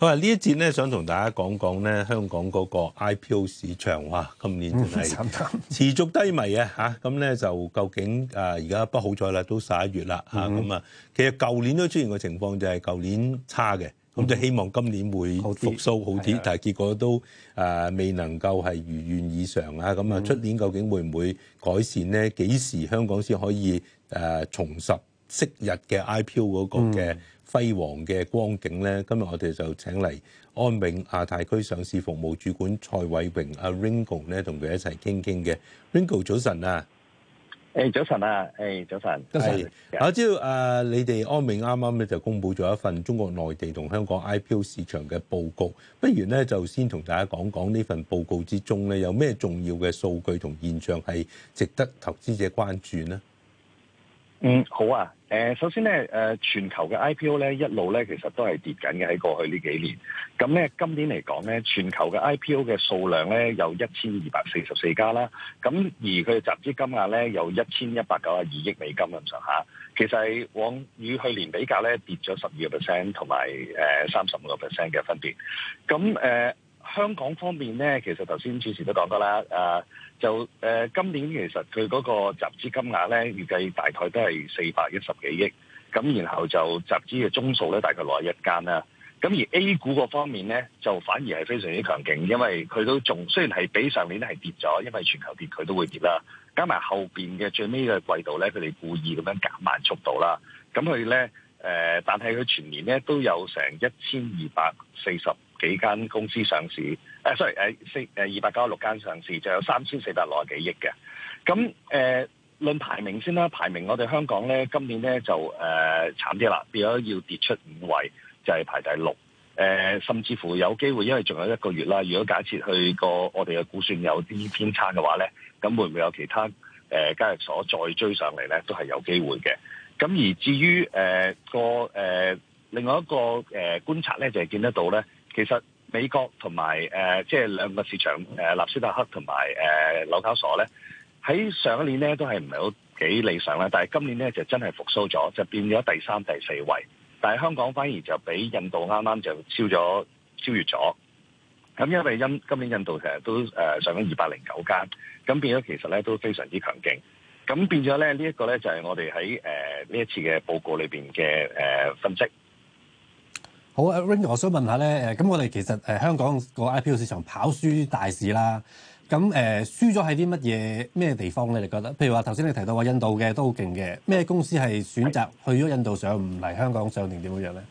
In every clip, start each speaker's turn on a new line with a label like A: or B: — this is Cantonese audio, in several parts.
A: 好喇，呢一節咧，想同大家講講咧香港嗰個 IPO 市場，哇！今年真係持續低迷啊咁咧、啊、就究竟誒而家不好彩啦，都十一月啦咁、嗯、啊，其實舊年都出現過情況就係舊年差嘅，咁就希望今年會復蘇、嗯、好啲，好像的但係結果都誒、啊、未能夠係如願以償啊，咁啊出年究竟會唔會改善咧？幾時香港先可以誒、啊、重拾？昔日嘅 IPO 嗰個嘅輝煌嘅光景咧，嗯、今日我哋就請嚟安永亞太區上市服務主管蔡偉榮阿 Ringo 咧，同佢一齊傾傾嘅。Ringo 早晨啊，誒
B: 早
A: 晨啊，誒早晨，是早晨。是早晨我知道啊，你哋安永啱啱咧就公佈咗一份中國內地同香港 IPO 市場嘅報告，不如咧就先同大家講講呢份報告之中咧有咩重要嘅數據同現象係值得投資者關注呢？嗯，
B: 好啊。誒、呃，首先咧，誒、呃，全球嘅 IPO 咧，一路咧，其實都係跌緊嘅喺過去呢幾年。咁咧，今年嚟講咧，全球嘅 IPO 嘅數量咧，有一千二百四十四家啦。咁而佢集資金額咧，有一千一百九十二億美金咁上下。其實係往與去年比較咧，跌咗十二個 percent，同埋誒三十五個 percent 嘅分別。咁誒。呃香港方面咧，其實頭先主持都講過啦，誒、呃、就誒、呃、今年其實佢嗰個集資金額咧，預計大概都係四百一十幾億，咁然後就集資嘅宗數咧，大概落一間啦。咁而 A 股嗰方面咧，就反而係非常之強勁，因為佢都仲雖然係比上年咧係跌咗，因為全球跌佢都會跌啦。加埋後邊嘅最尾嘅季度咧，佢哋故意咁樣減慢速度啦。咁佢咧誒，但係佢全年咧都有成一千二百四十。幾間公司上市？誒、啊、sorry，誒四誒二百九十六間上市，就有三千四百六十啊幾億嘅。咁誒、呃、論排名先啦，排名我哋香港咧今年咧就誒、呃、慘啲啦，變咗要跌出五位，就係、是、排第六。誒、呃，甚至乎有機會，因為仲有一個月啦。如果假設去過我哋嘅估算有啲偏差嘅話咧，咁會唔會有其他誒、呃、交易所再追上嚟咧？都係有機會嘅。咁而至於誒、呃、個誒、呃、另外一個誒、呃、觀察咧，就係見得到咧。其實美國同埋誒，即係兩個市場誒，納斯達克同埋誒紐交所咧，喺上一年咧都係唔係好幾理想啦。但係今年咧就真係復甦咗，就變咗第三、第四位。但係香港反而就比印度啱啱就超咗、超越咗。咁因為因今年印度成日都誒上咗二百零九間，咁變咗其實咧都非常之強勁。咁變咗咧呢一個咧就係我哋喺誒呢一次嘅報告裏邊嘅誒分析。
C: 好啊，Ringo，我想問下咧，誒咁我哋其實誒香港個 IPO 市場跑輸大市啦，咁誒輸咗喺啲乜嘢咩地方咧？你覺得？譬如話頭先你提到話印度嘅都好勁嘅，咩公司係選擇去咗印度上唔嚟香港上定點樣咧？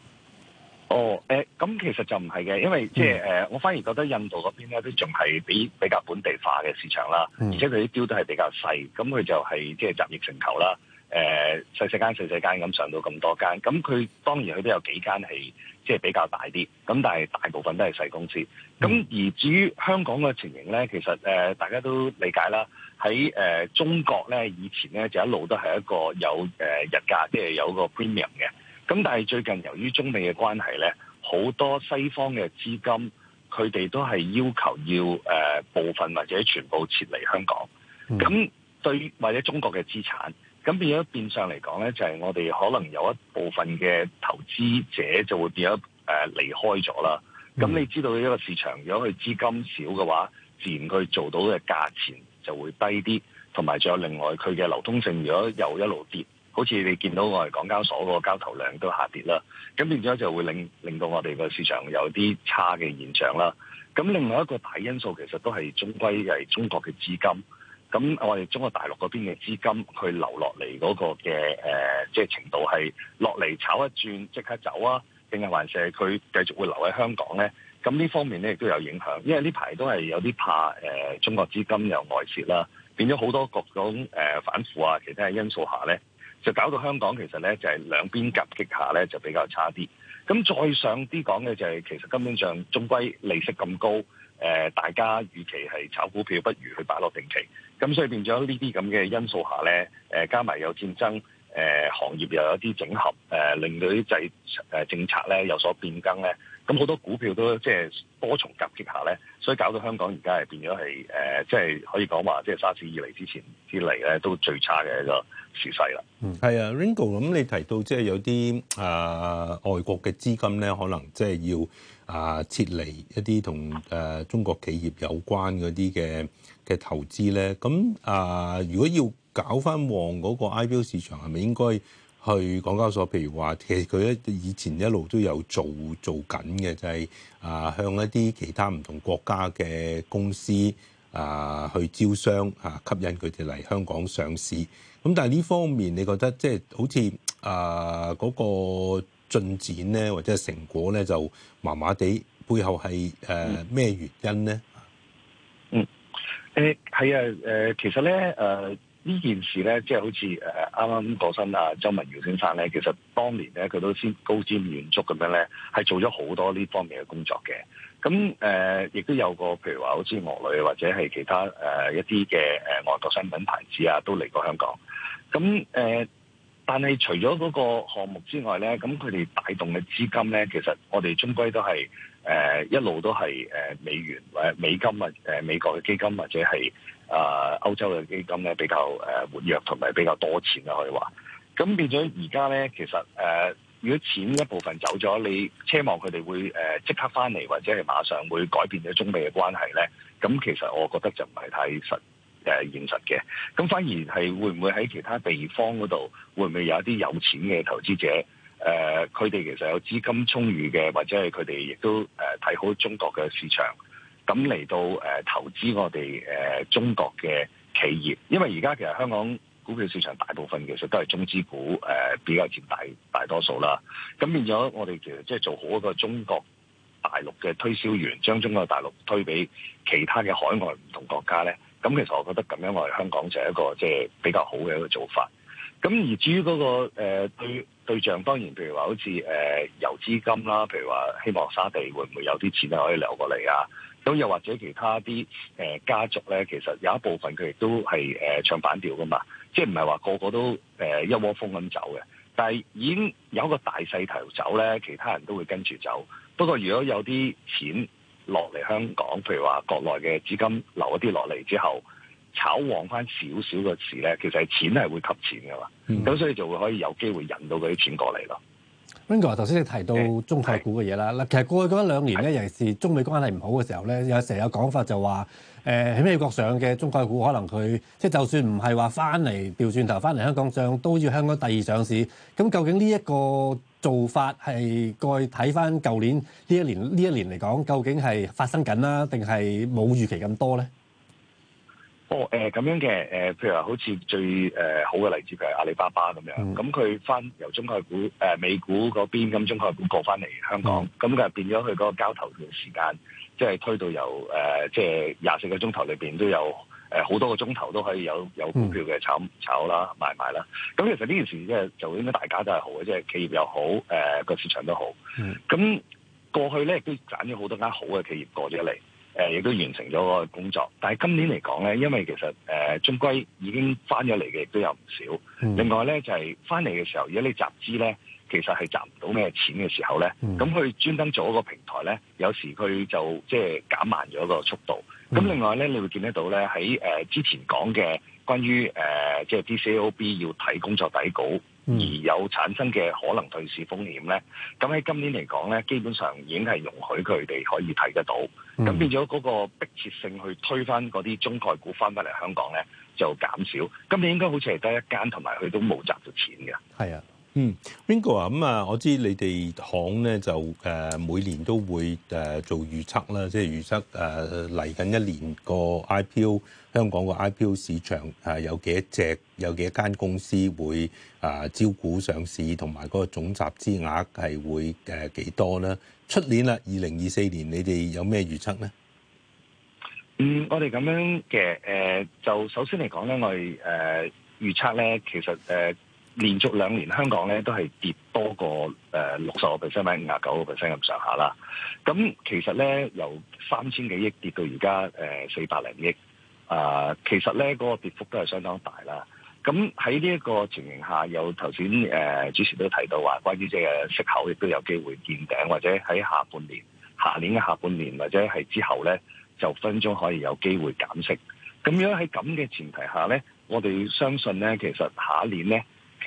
C: 哦，
B: 誒咁其實就唔係嘅，因為即係誒，我反而覺得印度嗰邊咧都仲係比比較本地化嘅市場啦，而且佢啲標都係比較細，咁佢就係即係集腋成裘啦。誒、呃、細細間細細間咁上到咁多間，咁佢當然佢都有幾間係即係比較大啲，咁但係大部分都係細公司。咁而至於香港嘅情形咧，其實誒、呃、大家都理解啦。喺誒、呃、中國咧，以前咧就一路都係一個有誒、呃、溢價，即、就、係、是、有個 premium 嘅。咁但係最近由於中美嘅關係咧，好多西方嘅資金，佢哋都係要求要誒、呃、部分或者全部撤離香港。咁、嗯、對於或者中國嘅資產。咁變咗變相嚟講咧，就係、是、我哋可能有一部分嘅投資者就會變咗誒、呃、離開咗啦。咁你知道一個市場，如果佢資金少嘅話，自然佢做到嘅價錢就會低啲，同埋仲有另外佢嘅流通性，如果又一路跌，好似你見到我哋港交所嗰個交投量都下跌啦。咁變咗就會令令到我哋個市場有啲差嘅現象啦。咁另外一個大因素其實都係終歸係中國嘅資金。咁我哋中國大陸嗰邊嘅資金，佢流落嚟嗰個嘅誒，即、呃、係、就是、程度係落嚟炒一轉即刻走啊，定係還是佢繼續會留喺香港咧？咁呢方面咧亦都有影響，因為呢排都係有啲怕誒、呃、中國資金又外泄啦，變咗好多各種誒、呃、反腐啊，其他嘅因素下咧，就搞到香港其實咧就係、是、兩邊夾擊下咧就比較差啲。咁再上啲講嘅就係、是、其實根本上，終歸利息咁高。大家預期係炒股票，不如去擺落定期。咁所以變咗呢啲咁嘅因素下咧，誒加埋有戰爭，誒行業又有啲整合，令到啲制誒政策咧有所變更咧。咁好多股票都即係多重夾擊下咧，所以搞到香港而家係變咗係誒，即係可以講話，即係沙士以嚟之前之嚟咧，都最差嘅一個時勢啦。嗯，
A: 係啊，Ringo 咁，ingo, 你提到即係有啲誒、呃、外國嘅資金咧，可能即係要。啊！撤離一啲同、啊、中國企業有關嗰啲嘅嘅投資咧，咁啊，如果要搞翻旺嗰個 IPO 市場，係咪應該去港交所？譬如話，其實佢以前一路都有做做緊嘅，就係、是、啊，向一啲其他唔同國家嘅公司啊去招商啊，吸引佢哋嚟香港上市。咁但係呢方面，你覺得即係、就是、好似啊嗰、那個，進展咧或者成果咧就麻麻地，背後係誒咩原因咧？嗯，
B: 係、呃、啊、呃，其實咧，誒、呃、呢件事咧，即、就、係、是、好似誒啱啱講親啊，周文耀先生咧，其實當年咧，佢都先高瞻遠矚咁樣咧，係做咗好多呢方面嘅工作嘅。咁誒亦都有個譬如話，好似俄女或者係其他誒、呃、一啲嘅外國商品牌子啊，都嚟過香港。咁誒。呃但係除咗嗰個項目之外咧，咁佢哋帶動嘅資金咧，其實我哋終歸都係誒、呃、一路都係誒美元誒美金啊，誒、呃、美國嘅基金或者係啊歐洲嘅基金咧，比較誒活躍同埋比較多錢啊，可以話，咁變咗而家咧，其實誒、呃、如果錢一部分走咗，你奢望佢哋會誒即刻翻嚟或者係馬上會改變咗中美嘅關係咧，咁其實我覺得就唔係太實。誒，現實嘅，咁反而係會唔會喺其他地方嗰度，會唔會有一啲有錢嘅投資者？誒、呃，佢哋其實有資金充裕嘅，或者係佢哋亦都誒睇、呃、好中國嘅市場，咁嚟到，誒、呃、投資我哋誒、呃、中國嘅企業。因為而家其實香港股票市場大部分其實都係中資股誒、呃、比較佔大大多數啦。咁變咗我哋其實即係做好一個中國大陸嘅推銷員，將中國大陸推俾其他嘅海外唔同國家咧。咁其實我覺得咁樣我哋香港就係一個即係、就是、比較好嘅一個做法。咁而至於嗰、那個誒、呃、對，對象，當然譬如話好似誒游資金啦，譬如話希望沙地會唔會有啲錢咧可以流過嚟啊？咁又或者其他啲誒、呃、家族咧，其實有一部分佢亦都係誒、呃、唱反調噶嘛，即係唔係話個個都誒、呃、一窩蜂咁走嘅？但已經有一個大勢頭走咧，其他人都會跟住走。不過如果有啲錢，落嚟香港，譬如話國內嘅資金留一啲落嚟之後，炒旺翻少少嘅市咧，其實係錢係會吸錢㗎嘛。咁、嗯、所以就會可以有機會引到嗰啲錢過嚟咯。
C: Ringo，頭先你提到中概股嘅嘢啦，嗱是，其實過去嗰一兩年咧，是尤其是中美關係唔好嘅時候咧，有成日有講法就話，誒、呃、喺美國上嘅中概股可能佢，即、就、係、是、就算唔係話翻嚟掉轉頭翻嚟香港上，都要香港第二上市。咁究竟呢、這、一個？做法係過去睇翻舊年呢一年，呢一年嚟講，究竟係發生緊啦，定係冇預期咁多咧？
B: 哦，誒、呃、咁樣嘅，誒、呃、譬如話好似最誒、呃、好嘅例子，譬如阿里巴巴咁樣，咁佢翻由中概股誒、呃、美股嗰邊，咁中概股過翻嚟香港，咁佢、嗯、變咗佢嗰個交投嘅時間，即、就、係、是、推到由誒即係廿四個鐘頭裏邊都有。誒好、呃、多個鐘頭都可以有有股票嘅炒炒啦、賣賣啦。咁其實呢件事即係就應該大家都係好嘅，即係企業又好，誒、呃、個市場都好。咁、嗯、過去咧亦都揀咗好多間好嘅企業過咗嚟，誒、呃、亦都完成咗個工作。但係今年嚟講咧，因為其實誒、呃、中概已經返咗嚟嘅亦都有唔少。嗯、另外咧就係返嚟嘅時候，如果你集資咧，其實係集唔到咩錢嘅時候咧，咁佢、嗯、專登做一個平台咧，有時佢就即係、就是、減慢咗個速度。咁、嗯、另外咧，你會見得到咧，喺誒、呃、之前講嘅關於誒，即、呃、係、就是、PCAOB 要睇工作底稿、嗯、而有產生嘅可能退市風險咧。咁喺今年嚟講咧，基本上已經係容許佢哋可以睇得到。咁變咗嗰個迫切性去推翻嗰啲中概股翻返嚟香港咧，就減少。今年應該好似係得一間，同埋佢都冇賺到錢嘅。係
A: 啊。嗯，Wingo 啊，咁啊，我知你哋行咧就誒每年都會誒做預測啦，即係預測誒嚟緊一年個 IPO 香港個 IPO 市場有幾多隻，有幾多間公司會啊招股上市，同埋嗰個總集資額係會誒幾多咧？出年啦，二零二四年你哋有咩預測咧？
B: 嗯，我哋咁樣嘅，誒、呃，就首先嚟講咧，我哋誒預測咧，其實誒。呃連續兩年香港咧都係跌多過誒六十個 percent，五十九個 percent 咁上下啦。咁其實咧由三千幾億跌到而家誒四百零億，啊、呃、其實咧個、嗰個跌幅都係相當大啦。咁喺呢一個情形下，有頭先誒主持都提到話，關於即嘅息口亦都有機會見頂，或者喺下半年、下年嘅下半年或者係之後咧，就分鐘可以有機會減息。咁樣喺咁嘅前提下咧，我哋相信咧，其實下一年咧。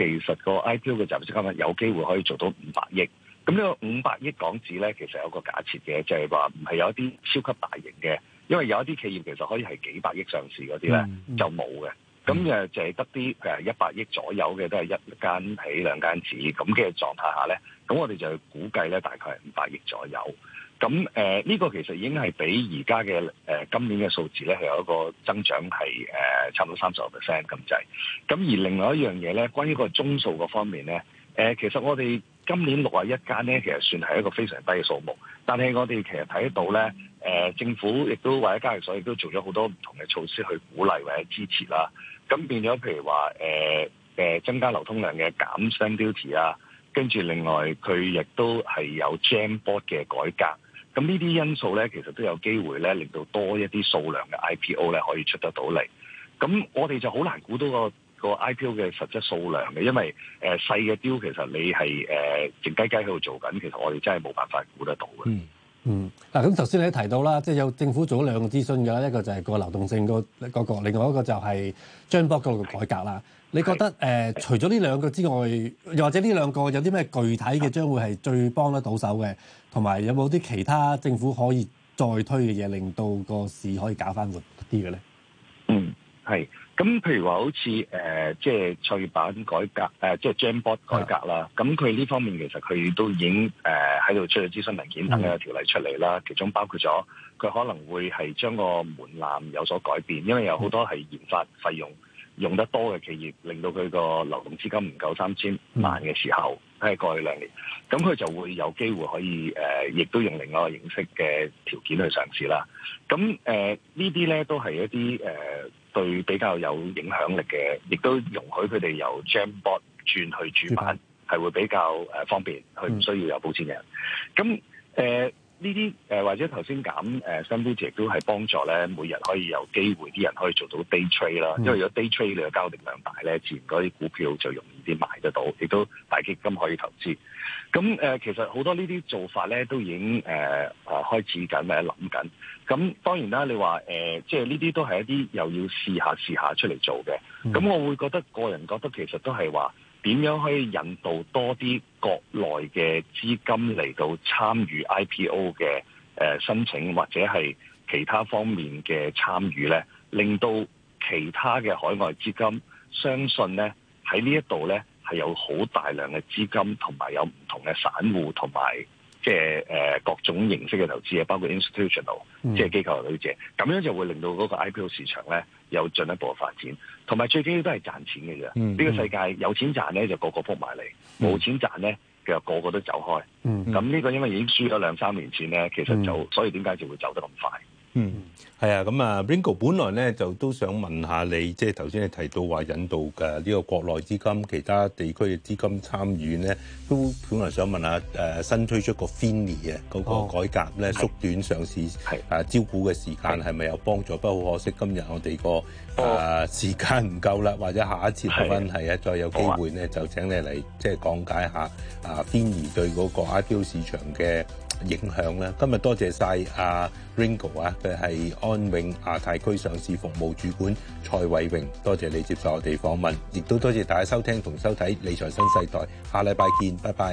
B: 其實個 IPO 嘅集資金額有機會可以做到五百億，咁呢個五百億港紙咧，其實有一個假設嘅，就係話唔係有一啲超級大型嘅，因為有一啲企業其實可以係幾百億上市嗰啲咧，嗯、就冇嘅，咁誒、嗯、就係得啲誒一百億左右嘅，都係一間起兩間止咁嘅狀態下咧，咁我哋就估計咧，大概係五百億左右。咁誒呢個其實已經係比而家嘅誒今年嘅數字咧，係有一個增長係誒、呃、差唔多三十個 percent 咁滯。咁而另外一樣嘢咧，關於個宗數嘅方面咧、呃，其實我哋今年六啊一間咧，其實算係一個非常低嘅數目。但係我哋其實睇到咧，誒、呃、政府亦都或者交易所亦都做咗好多唔同嘅措施去鼓勵或者支持啦。咁變咗譬如話誒、呃呃、增加流通量嘅減 stamp duty 啊，跟住另外佢亦都係有 GEM board 嘅改革。咁呢啲因素咧，其實都有機會咧，令到多一啲數量嘅 IPO 咧可以出得到嚟。咁我哋就好難估到個個 IPO 嘅實質數量嘅，因為誒、呃、細嘅雕其實你係誒、呃、靜雞雞喺度做緊，其實我哋真係冇辦法估得到
C: 嘅。嗯嗯，嗱咁，頭先你提到啦，即係有政府做咗兩個諮詢嘅，一個就係個流動性嗰個，另外一個就係張博嗰度改革啦。你覺得誒，除咗呢兩個之外，又或者呢兩個有啲咩具體嘅，將會係最幫得到手嘅，同埋有冇啲其他政府可以再推嘅嘢，令到個市可以搞翻活啲嘅咧？
B: 嗯，係。咁譬如話，好似誒，即係創業板改革，誒、呃，即係 GEM board 改革啦。咁佢呢方面其實佢都已經誒喺度出咗諮詢文件等嘅條例出嚟啦。嗯、其中包括咗，佢可能會係將個門檻有所改變，因為有好多係研發費用用得多嘅企業，令到佢個流動資金唔夠三千萬嘅時候，喺過去兩年，咁佢就會有機會可以誒、呃，亦都用另外一個形式嘅條件去上市啦。咁誒，呃、呢啲咧都係一啲誒。呃對比較有影響力嘅，亦都容許佢哋由 GEM board 轉去主板，係會比較方便，佢唔需要有保薦人。咁誒呢啲誒或者頭先減誒新標尺亦都係幫助咧，每日可以有機會啲人可以做到 day trade 啦。因為如果 day trade 你嘅交易量大咧，自然嗰啲股票就容易啲買得到，亦都大基金可以投資。咁誒、呃，其實好多呢啲做法咧都已經誒啊、呃、開始緊或者諗緊。咁當然啦，你話誒、呃，即係呢啲都係一啲又要試下試下出嚟做嘅。咁我會覺得個人覺得其實都係話。點樣可以引導多啲國內嘅資金嚟到參與 IPO 嘅申請，或者係其他方面嘅參與呢，令到其他嘅海外資金相信呢喺呢一度呢係有好大量嘅資金，有有同埋有唔同嘅散戶，同埋即係各種形式嘅投資，包括 institutional、嗯、即係機構嘅投資者，咁樣就會令到嗰個 IPO 市場呢。有進一步嘅發展，同埋最緊要都係賺錢嘅啫。呢、嗯嗯、個世界有錢賺呢，就個個撲埋嚟；冇、嗯、錢賺呢，其實個個都走開。咁呢、嗯嗯、個因為已經輸咗兩三
A: 年錢呢，其實就、嗯、所以點解就會走得咁快？嗯，係啊，咁啊，Ringo，本來咧就都想問下你，即係頭先你提到話引導嘅呢個國內資金、其他地區嘅資金參與咧，都本來想問下誒、呃、新推出個 FINI 啊嗰個改革咧縮、哦、短上市誒是、啊、招股嘅時間係咪有幫助，助？不過好可惜今日我哋個誒時間唔夠啦，或者下一次冇問題係啊，再有機會咧就請你嚟即係講解下啊 FINI 對嗰個 IPO 市場嘅。影響啦！今日多謝曬阿 Ringo 啊，佢係安永亞太區上市服務主管蔡偉榮，多謝你接受我哋訪問，亦都多謝大家收聽同收睇《理財新世代》，下禮拜見，拜拜。